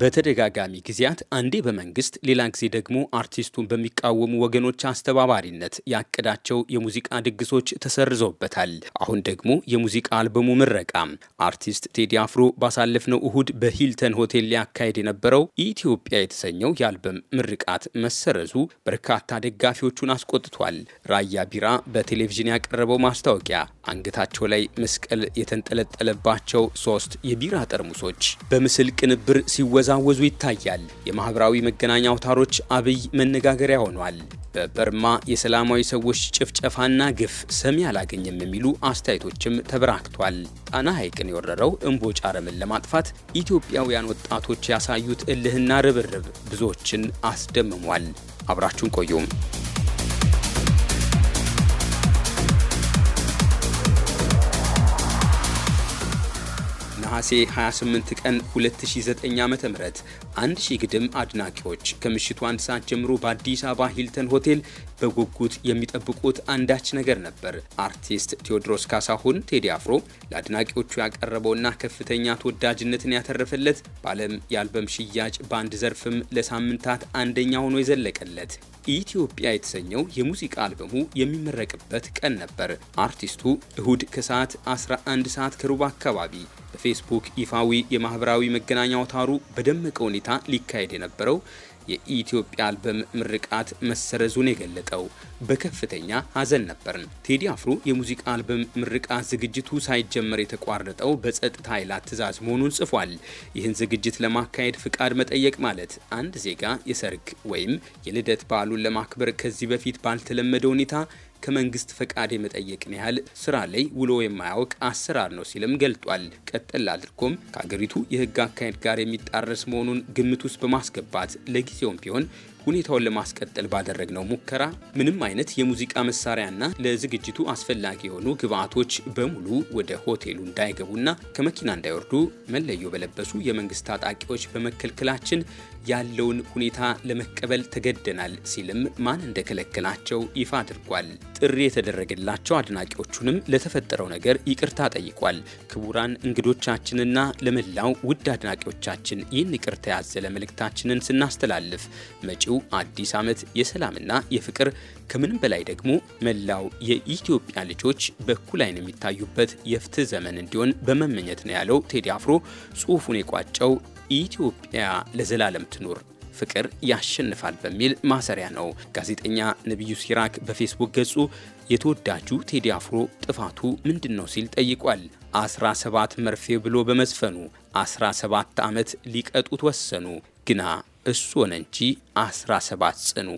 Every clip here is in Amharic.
በተደጋጋሚ ጊዜያት አንዴ በመንግስት ሌላ ጊዜ ደግሞ አርቲስቱን በሚቃወሙ ወገኖች አስተባባሪነት ያቀዳቸው የሙዚቃ ድግሶች ተሰርዘውበታል። አሁን ደግሞ የሙዚቃ አልበሙ ምረቃም አርቲስት ቴዲ አፍሮ ባሳለፍነው እሁድ በሂልተን ሆቴል ሊያካሄድ የነበረው ኢትዮጵያ የተሰኘው የአልበም ምርቃት መሰረዙ በርካታ ደጋፊዎቹን አስቆጥቷል። ራያ ቢራ በቴሌቪዥን ያቀረበው ማስታወቂያ አንገታቸው ላይ መስቀል የተንጠለጠለባቸው ሶስት የቢራ ጠርሙሶች በምስል ቅንብር ሲወ ሲያወዛውዙ ይታያል። የማኅበራዊ መገናኛ አውታሮች አብይ መነጋገሪያ ሆኗል። በበርማ የሰላማዊ ሰዎች ጭፍጨፋና ግፍ ሰሚ አላገኘም የሚሉ አስተያየቶችም ተበራክቷል። ጣና ሐይቅን የወረረው እምቦጭ አረምን ለማጥፋት ኢትዮጵያውያን ወጣቶች ያሳዩት እልህና ርብርብ ብዙዎችን አስደምሟል። አብራችሁን ቆዩም ነሐሴ 28 ቀን 2009 ዓ.ም አንድ ሺህ ግድም አድናቂዎች ከምሽቱ አንድ ሰዓት ጀምሮ በአዲስ አበባ ሂልተን ሆቴል በጉጉት የሚጠብቁት አንዳች ነገር ነበር። አርቲስት ቴዎድሮስ ካሳሁን ቴዲ አፍሮ ለአድናቂዎቹ ያቀረበውና ከፍተኛ ተወዳጅነትን ያተረፈለት በዓለም የአልበም ሽያጭ በአንድ ዘርፍም ለሳምንታት አንደኛ ሆኖ የዘለቀለት ኢትዮጵያ የተሰኘው የሙዚቃ አልበሙ የሚመረቅበት ቀን ነበር። አርቲስቱ እሁድ ከሰዓት 11 ሰዓት ከሩብ አካባቢ በፌስቡክ ይፋዊ የማህበራዊ መገናኛ አውታሩ በደመቀ ሁኔታ ሊካሄድ የነበረው የኢትዮጵያ አልበም ምርቃት መሰረዙን የገለጠው በከፍተኛ ሐዘን ነበርን። ቴዲ አፍሮ የሙዚቃ አልበም ምርቃት ዝግጅቱ ሳይጀመር የተቋረጠው በጸጥታ ኃይላት ትዕዛዝ መሆኑን ጽፏል። ይህን ዝግጅት ለማካሄድ ፍቃድ መጠየቅ ማለት አንድ ዜጋ የሰርግ ወይም የልደት በዓሉን ለማክበር ከዚህ በፊት ባልተለመደ ሁኔታ ከመንግስት ፈቃድ የመጠየቅን ያህል ስራ ላይ ውሎ የማያውቅ አሰራር ነው ሲልም ገልጧል። ቀጠል አድርጎም ከአገሪቱ የህግ አካሄድ ጋር የሚጣረስ መሆኑን ግምት ውስጥ በማስገባት ለጊዜውም ቢሆን ሁኔታውን ለማስቀጠል ባደረግነው ሙከራ ምንም አይነት የሙዚቃ መሳሪያና ለዝግጅቱ አስፈላጊ የሆኑ ግብአቶች በሙሉ ወደ ሆቴሉ እንዳይገቡና ከመኪና እንዳይወርዱ መለዮ በለበሱ የመንግስት ታጣቂዎች በመከልከላችን ያለውን ሁኔታ ለመቀበል ተገደናል ሲልም ማን እንደከለከላቸው ይፋ አድርጓል። ጥሪ የተደረገላቸው አድናቂዎቹንም ለተፈጠረው ነገር ይቅርታ ጠይቋል። ክቡራን እንግዶቻችንና ለመላው ውድ አድናቂዎቻችን ይህን ይቅርታ ያዘለ መልእክታችንን ስናስተላልፍ መጪው አዲስ ዓመት የሰላምና የፍቅር ከምንም በላይ ደግሞ መላው የኢትዮጵያ ልጆች በኩል ዓይን የሚታዩበት የፍትህ ዘመን እንዲሆን በመመኘት ነው ያለው ቴዲ አፍሮ ጽሑፉን የቋጨው ኢትዮጵያ ለዘላለም ትኑር ፍቅር ያሸንፋል በሚል ማሰሪያ ነው። ጋዜጠኛ ነቢዩ ሲራክ በፌስቡክ ገጹ የተወዳጁ ቴዲ አፍሮ ጥፋቱ ምንድን ነው ሲል ጠይቋል። 17 መርፌ ብሎ በመዝፈኑ 17 ዓመት ሊቀጡት ወሰኑ ግና እሱ ሆነ እንጂ 17 ጽኑ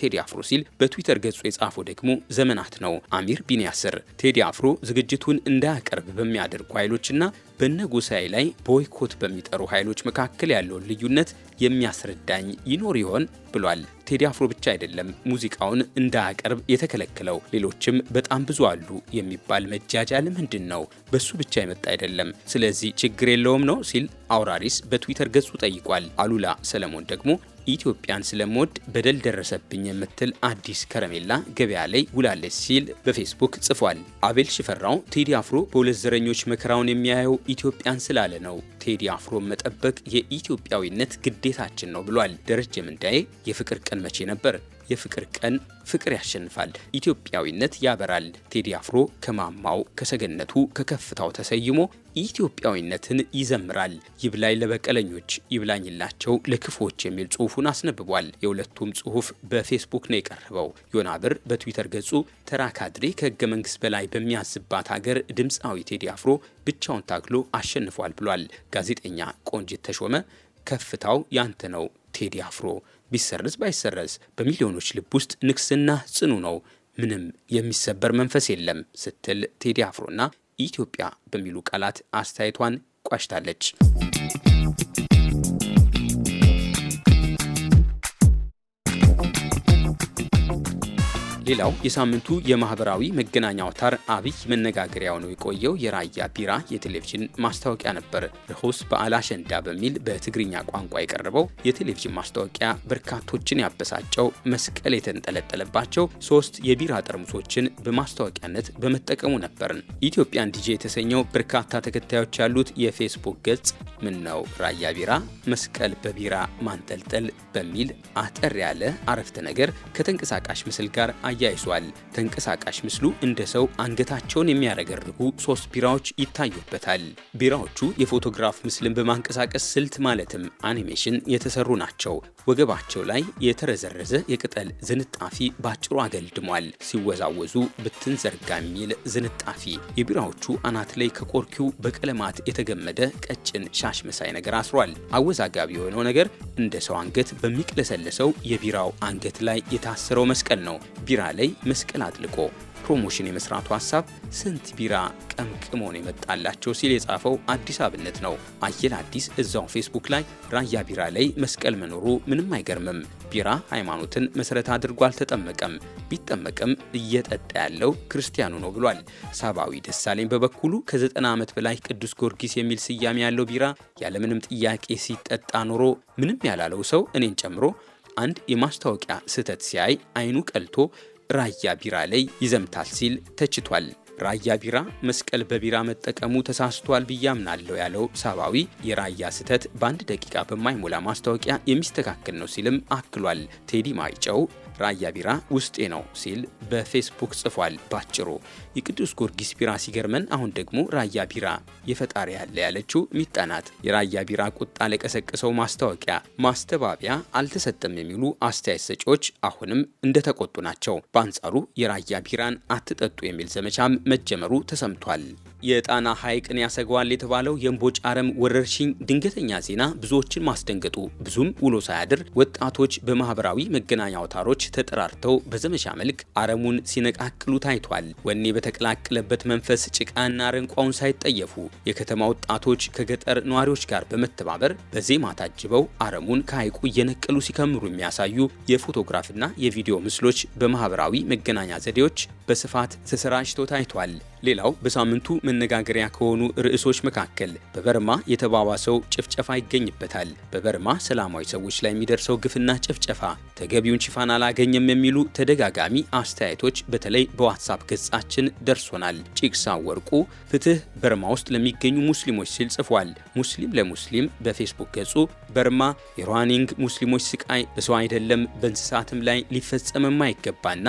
ቴዲ አፍሮ ሲል በትዊተር ገጹ የጻፈው ደግሞ ዘመናት ነው። አሚር ቢን ያስር ቴዲ አፍሮ ዝግጅቱን እንዳያቀርብ በሚያደርጉ ኃይሎችና በነ ጎሳዬ ላይ ቦይኮት በሚጠሩ ኃይሎች መካከል ያለውን ልዩነት የሚያስረዳኝ ይኖር ይሆን ብሏል። ቴዲ አፍሮ ብቻ አይደለም ሙዚቃውን እንዳያቀርብ የተከለከለው፣ ሌሎችም በጣም ብዙ አሉ የሚባል መጃጃል ምንድን ነው? በሱ ብቻ የመጣ አይደለም። ስለዚህ ችግር የለውም ነው ሲል አውራሪስ በትዊተር ገጹ ጠይቋል። አሉላ ሰለሞን ደግሞ ኢትዮጵያን ስለምወድ በደል ደረሰብኝ የምትል አዲስ ከረሜላ ገበያ ላይ ውላለች ሲል በፌስቡክ ጽፏል። አቤል ሽፈራው ቴዲ አፍሮ በሁለት ዘረኞች መከራውን የሚያየው ኢትዮጵያን ስላለ ነው ቴዲ አፍሮ መጠበቅ የኢትዮጵያዊነት ግዴታችን ነው ብሏል። ደረጀ ምንዳዬ የፍቅር ቀን መቼ ነበር? የፍቅር ቀን ፍቅር ያሸንፋል፣ ኢትዮጵያዊነት ያበራል። ቴዲ አፍሮ ከማማው ከሰገነቱ ከከፍታው ተሰይሞ ኢትዮጵያዊነትን ይዘምራል። ይብላኝ ለበቀለኞች ይብላኝላቸው ለክፎች የሚል ጽሁፉን አስነብቧል። የሁለቱም ጽሁፍ በፌስቡክ ነው የቀረበው። ዮና ብር በትዊተር ገጹ ተራ ካድሬ ከህገ መንግስት በላይ በሚያዝባት ሀገር ድምፃዊ ቴዲ አፍሮ ብቻውን ታግሎ አሸንፏል ብሏል። ጋዜጠኛ ቆንጅት ተሾመ ከፍታው ያንተ ነው ቴዲ አፍሮ ቢሰረዝ ባይሰረዝ በሚሊዮኖች ልብ ውስጥ ንግስና ጽኑ ነው፣ ምንም የሚሰበር መንፈስ የለም ስትል ቴዲ አፍሮና ኢትዮጵያ በሚሉ ቃላት አስተያየቷን ቋጭታለች። ሌላው የሳምንቱ የማህበራዊ መገናኛ አውታር አብይ መነጋገሪያው ነው የቆየው የራያ ቢራ የቴሌቪዥን ማስታወቂያ ነበር። ርሁስ በዓል አሸንዳ በሚል በትግርኛ ቋንቋ የቀረበው የቴሌቪዥን ማስታወቂያ በርካቶችን ያበሳጨው መስቀል የተንጠለጠለባቸው ሶስት የቢራ ጠርሙሶችን በማስታወቂያነት በመጠቀሙ ነበርን። ኢትዮጵያን ዲጄ የተሰኘው በርካታ ተከታዮች ያሉት የፌስቡክ ገጽ ምን ነው ራያ ቢራ መስቀል በቢራ ማንጠልጠል በሚል አጠር ያለ አረፍተ ነገር ከተንቀሳቃሽ ምስል ጋር አያይዟል። ተንቀሳቃሽ ምስሉ እንደ ሰው አንገታቸውን የሚያረገርጉ ሶስት ቢራዎች ይታዩበታል። ቢራዎቹ የፎቶግራፍ ምስልን በማንቀሳቀስ ስልት ማለትም አኒሜሽን የተሰሩ ናቸው። ወገባቸው ላይ የተረዘረዘ የቅጠል ዝንጣፊ ባጭሩ አገልድሟል። ሲወዛወዙ ብትን ዘርጋ የሚል ዝንጣፊ የቢራዎቹ አናት ላይ ከቆርኪው በቀለማት የተገመደ ቀጭን ሻሽ መሳይ ነገር አስሯል። አወዛጋቢ የሆነው ነገር እንደ ሰው አንገት በሚቅለሰለሰው የቢራው አንገት ላይ የታሰረው መስቀል ነው። ቢራ ላይ መስቀል አጥልቆ ፕሮሞሽን የመስራቱ ሀሳብ ስንት ቢራ ቀምቅሞ ነው የመጣላቸው ሲል የጻፈው አዲስ አብነት ነው። አየል አዲስ እዛው ፌስቡክ ላይ ራያ ቢራ ላይ መስቀል መኖሩ ምንም አይገርምም። ቢራ ሃይማኖትን መሰረት አድርጎ አልተጠመቀም፣ ቢጠመቅም እየጠጣ ያለው ክርስቲያኑ ነው ብሏል። ሳባዊ ደሳለኝ በበኩሉ ከዘጠና ዓመት በላይ ቅዱስ ጊዮርጊስ የሚል ስያሜ ያለው ቢራ ያለምንም ጥያቄ ሲጠጣ ኖሮ ምንም ያላለው ሰው እኔን ጨምሮ አንድ የማስታወቂያ ስህተት ሲያይ አይኑ ቀልቶ ራያ ቢራ ላይ ይዘምታል ሲል ተችቷል። ራያ ቢራ መስቀል በቢራ መጠቀሙ ተሳስቷል ብዬ አምናለሁ ያለው ሳባዊ የራያ ስህተት በአንድ ደቂቃ በማይሞላ ማስታወቂያ የሚስተካከል ነው ሲልም አክሏል። ቴዲ ማይጨው ራያ ቢራ ውስጤ ነው ሲል በፌስቡክ ጽፏል። ባጭሩ የቅዱስ ጊዮርጊስ ቢራ ሲገርመን፣ አሁን ደግሞ ራያ ቢራ የፈጣሪ ያለ ያለችው ሚጣናት የራያ ቢራ ቁጣ ለቀሰቀሰው ማስታወቂያ ማስተባበያ አልተሰጠም የሚሉ አስተያየት ሰጪዎች አሁንም እንደተቆጡ ናቸው። በአንጻሩ የራያ ቢራን አትጠጡ የሚል ዘመቻም መጀመሩ ተሰምቷል። የጣና ሐይቅን ያሰገዋል የተባለው የእምቦጭ አረም ወረርሽኝ ድንገተኛ ዜና ብዙዎችን ማስደንገጡ ብዙም ውሎ ሳያድር ወጣቶች በማህበራዊ መገናኛ አውታሮች ተጠራርተው በዘመቻ መልክ አረሙን ሲነቃቅሉ ታይቷል። ወኔ በተቀላቀለበት መንፈስ ጭቃና አረንቋውን ሳይጠየፉ የከተማ ወጣቶች ከገጠር ነዋሪዎች ጋር በመተባበር በዜማ ታጅበው አረሙን ከሐይቁ እየነቀሉ ሲከምሩ የሚያሳዩ የፎቶግራፍና የቪዲዮ ምስሎች በማህበራዊ መገናኛ ዘዴዎች በስፋት ተሰራጭተው ታይቷል። ሌላው በሳምንቱ መነጋገሪያ ከሆኑ ርዕሶች መካከል በበርማ የተባባሰው ጭፍጨፋ ይገኝበታል። በበርማ ሰላማዊ ሰዎች ላይ የሚደርሰው ግፍና ጭፍጨፋ ተገቢውን ሽፋን አላገኘም የሚሉ ተደጋጋሚ አስተያየቶች በተለይ በዋትሳፕ ገጻችን ደርሶናል። ጭቅሳ ወርቁ ፍትህ በርማ ውስጥ ለሚገኙ ሙስሊሞች ሲል ጽፏል። ሙስሊም ለሙስሊም በፌስቡክ ገጹ በርማ የሮሂንግ ሙስሊሞች ስቃይ በሰው አይደለም በእንስሳትም ላይ ሊፈጸምም አይገባና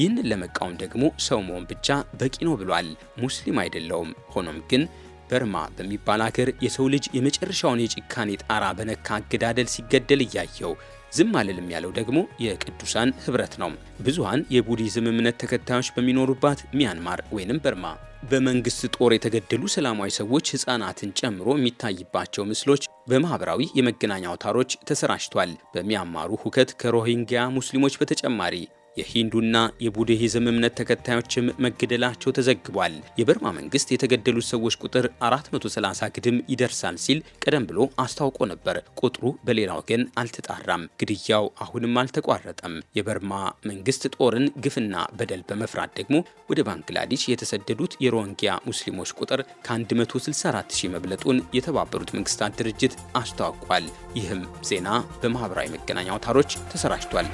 ይህንን ለመቃወም ደግሞ ሰው መሆን ብቻ በቂ ነው ብሏል። ሙስሊም አይደለውም። ሆኖም ግን በርማ በሚባል አገር የሰው ልጅ የመጨረሻውን የጭካኔ ጣራ በነካ አገዳደል ሲገደል እያየው ዝም አልልም ያለው ደግሞ የቅዱሳን ህብረት ነው። ብዙሀን የቡዲዝም እምነት ተከታዮች በሚኖሩባት ሚያንማር ወይንም በርማ በመንግስት ጦር የተገደሉ ሰላማዊ ሰዎች ህጻናትን ጨምሮ የሚታይባቸው ምስሎች በማህበራዊ የመገናኛ አውታሮች ተሰራጭቷል። በሚያማሩ ሁከት ከሮሂንግያ ሙስሊሞች በተጨማሪ የሂንዱና የቡድሂዝም እምነት ተከታዮችም መገደላቸው ተዘግቧል። የበርማ መንግስት የተገደሉት ሰዎች ቁጥር 430 ግድም ይደርሳል ሲል ቀደም ብሎ አስታውቆ ነበር። ቁጥሩ በሌላ ወገን አልተጣራም። ግድያው አሁንም አልተቋረጠም። የበርማ መንግስት ጦርን ግፍና በደል በመፍራት ደግሞ ወደ ባንግላዴሽ የተሰደዱት የሮንጊያ ሙስሊሞች ቁጥር ከ164 መብለጡን የተባበሩት መንግስታት ድርጅት አስታውቋል። ይህም ዜና በማኅበራዊ መገናኛ አውታሮች ተሰራጭቷል።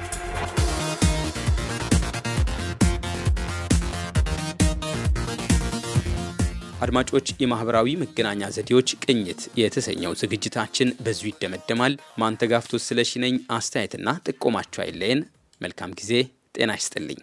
አድማጮች፣ የማህበራዊ መገናኛ ዘዴዎች ቅኝት የተሰኘው ዝግጅታችን በዙ ይደመደማል። ማንተጋፍቶ ስለሽነኝ አስተያየትና ጥቆማቸው አይለየን። መልካም ጊዜ። ጤና ይስጥልኝ።